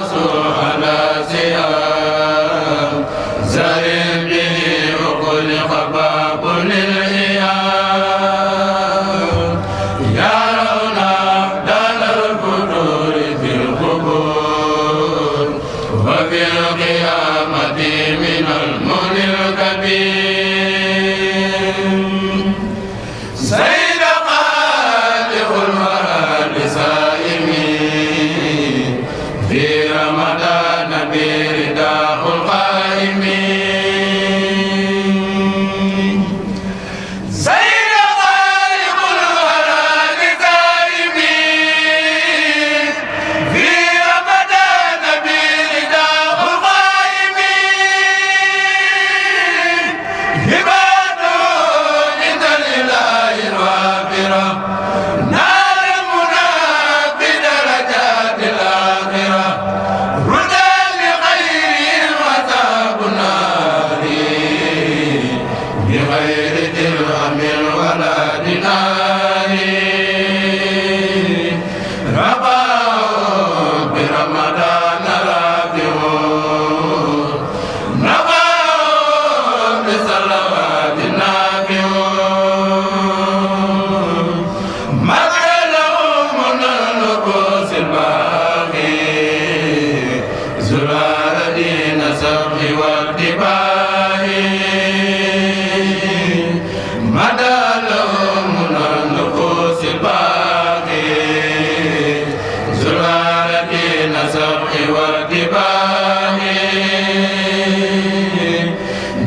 Rasulullah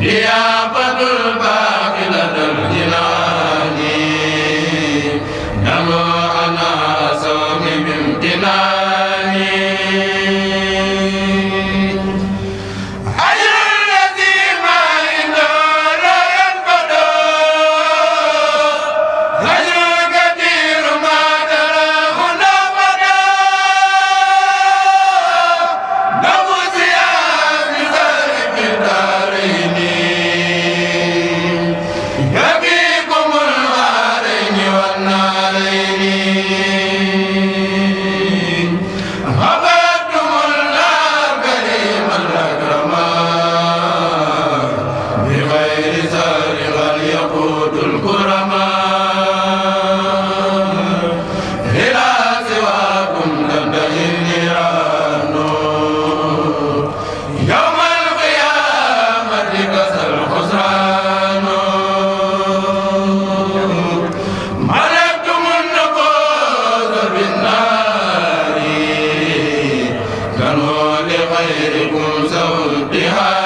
yaa غيركم سودها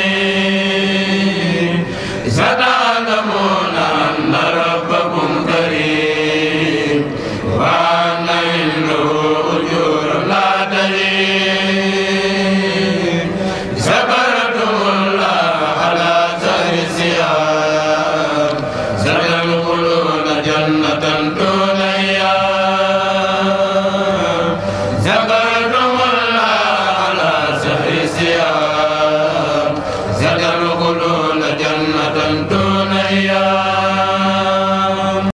Yeah.